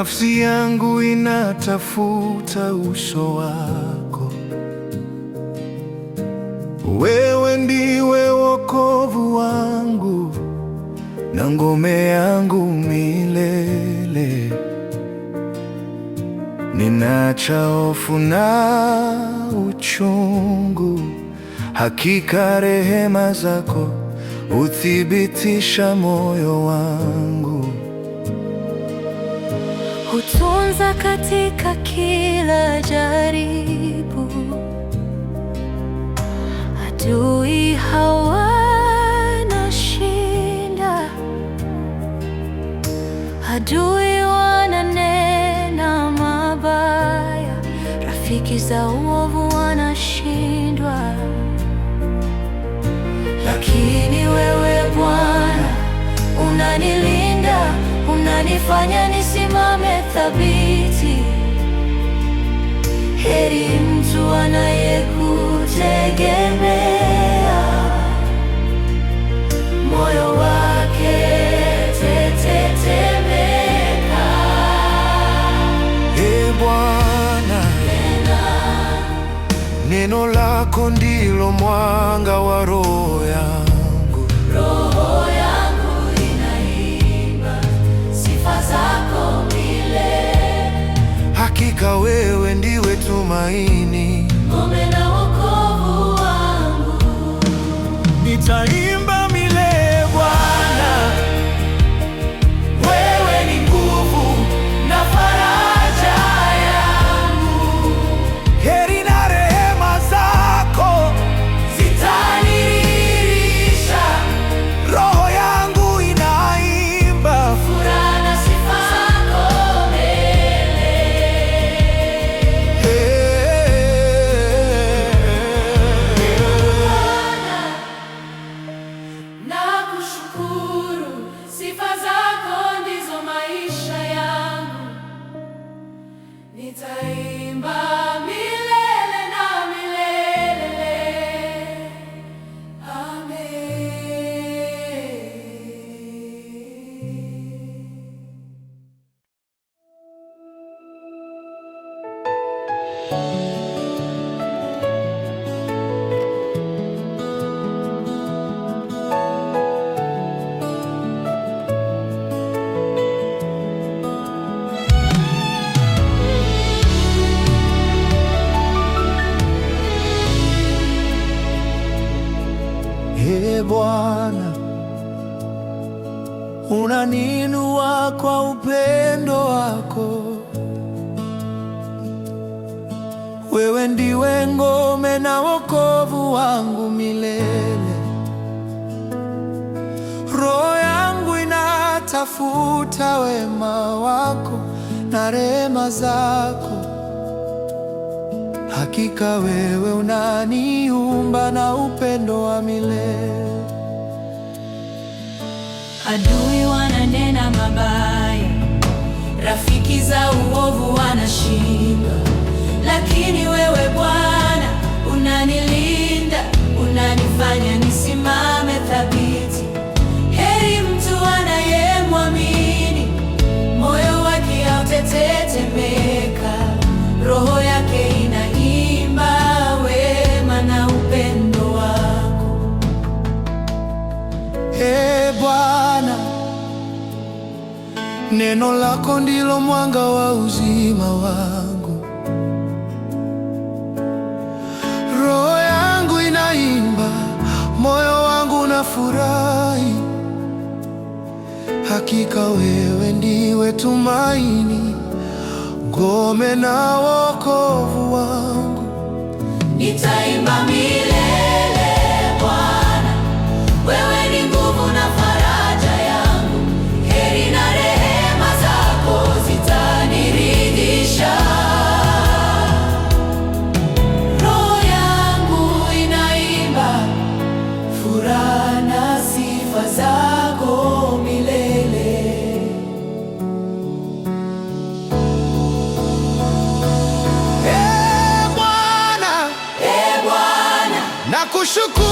Nafsi yangu inatafuta uso wako, wewe ndiwe wokovu wangu na ngome yangu milele. Ninacha hofu na uchungu, hakika rehema zako huthibitisha moyo wangu hutunza katika kila jaribu. Adui hawana shinda, adui wananena mabaya, rafiki za uovu wanashindwa, lakini wewe Bwana unanilinda, unanifanya nisimame thabiti. Heri mtu anayekutegemea tafuta wema wako na rehema zako. Hakika wewe unaniumba na upendo wa milele. Adui wananena mabaya, rafiki za uovu wanashinda, lakini wewe Bwana unanilinda, unanifanya nisimame Neno lako ndilo mwanga wa uzima wangu. Roho yangu inaimba, moyo wangu unafurahi. Hakika wewe ndiwe tumaini, ngome na wokovu wangu. Nitaimba milele chucu, chucu.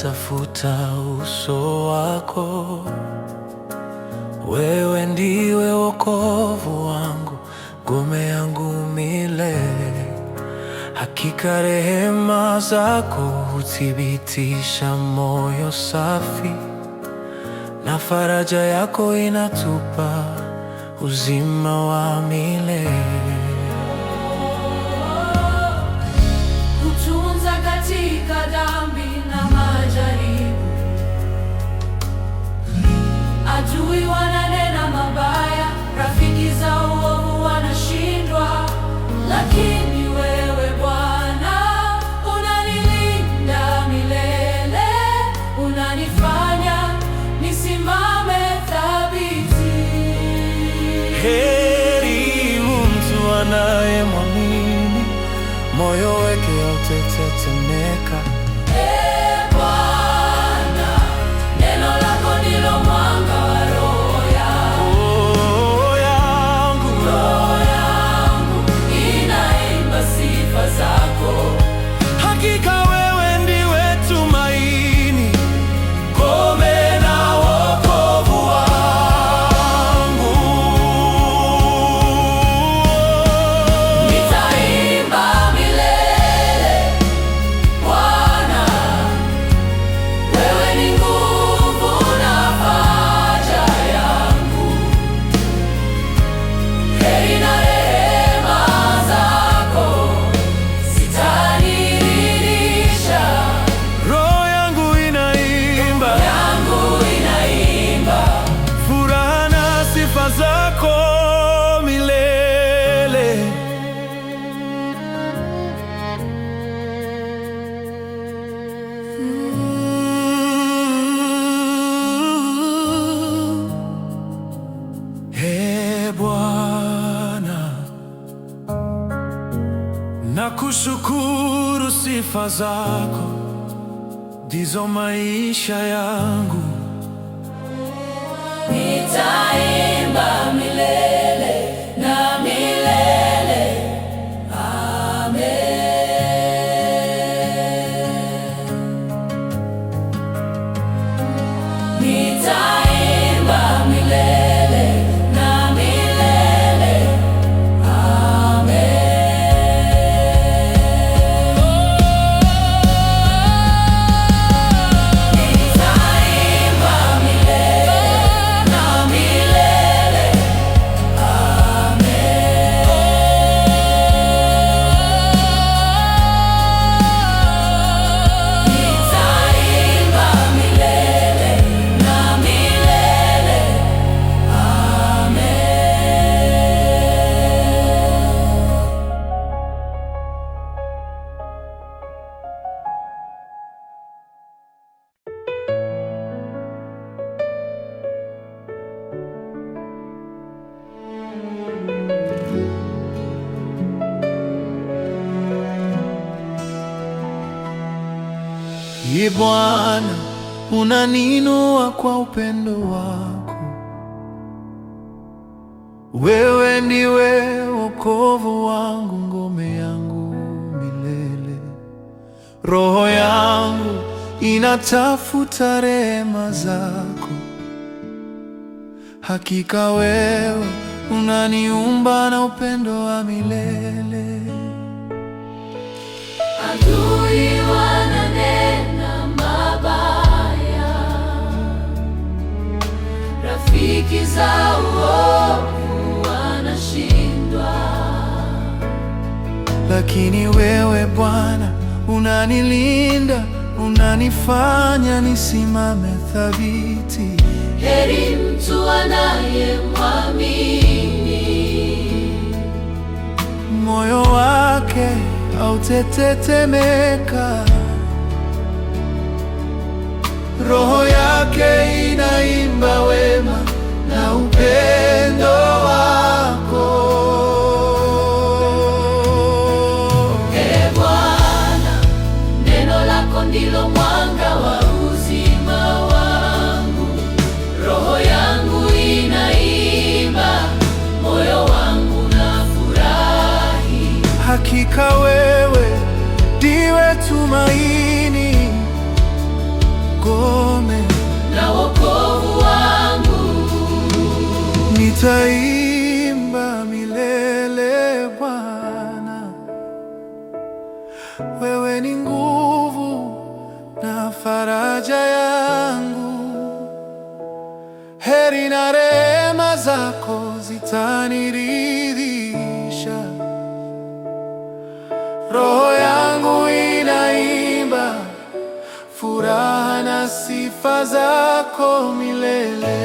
Natafuta uso wako, wewe ndiwe wokovu wangu, ngome yangu milele. Hakika rehema zako huthibitisha moyo safi, na faraja yako inatupa uzima wa milele. sifa zako ndizo maisha yangu, nitaimba unaniinua kwa upendo wako. Wewe ndiwe wokovu wangu, ngome yangu milele. Roho yangu inatafuta rehema zako. Hakika wewe unaniumba na upendo wa milele. Adui wa dhiki za uovu wanashindwa, lakini wewe Bwana unanilinda, unanifanya nisimame thabiti. Heri mtu anayemwamini, moyo wake hautetetemeka, roho yake inaimba wewe hakika wewe ndiwe tumaini, ngome na wokovu wangu nitaii zako milele.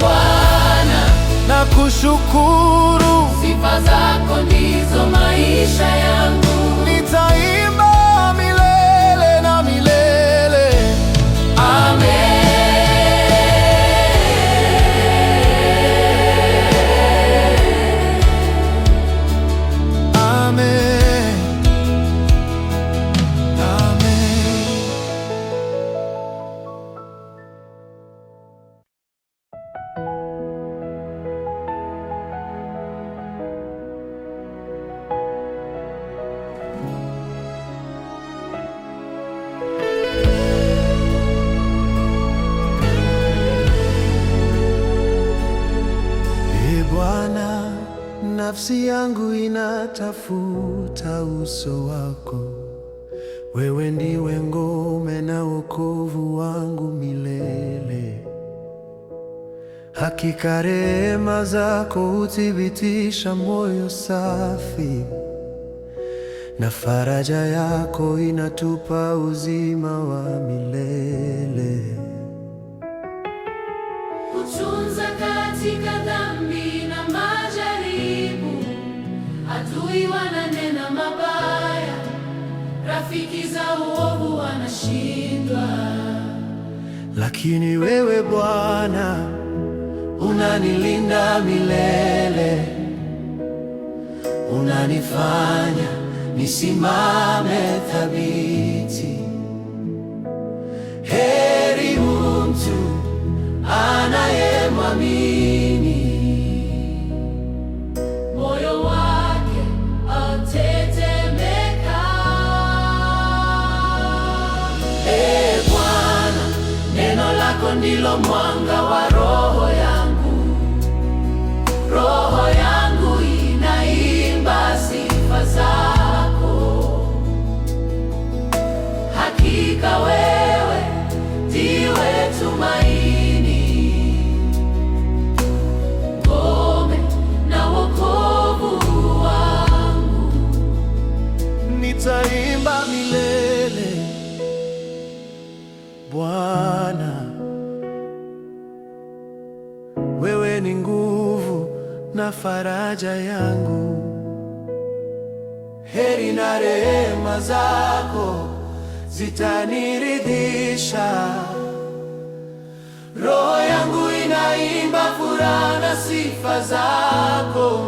Bwana, nakushukuru, sifa zako ndizo maisha yangu. wokovu wangu milele. Hakika rehema zako huthibitisha moyo safi, na faraja yako inatupa uzima wa milele. Hutunza katika dhambi na majaribu, adui wana Rafiki za uovu wanashindwa, lakini wewe Bwana unanilinda milele, unanifanya nisimame thabiti. Heri mtu anayemwamini ndilo mwanga wa roho yangu, roho yangu inaimba sifa zako. Hakika wewe ndiwe tumaini, ngome na wokovu wangu, nitaimba milele Bwana. ni nguvu na faraja yangu. Heri na rehema zako zitaniridhisha, roho yangu inaimba furaha na sifa zako.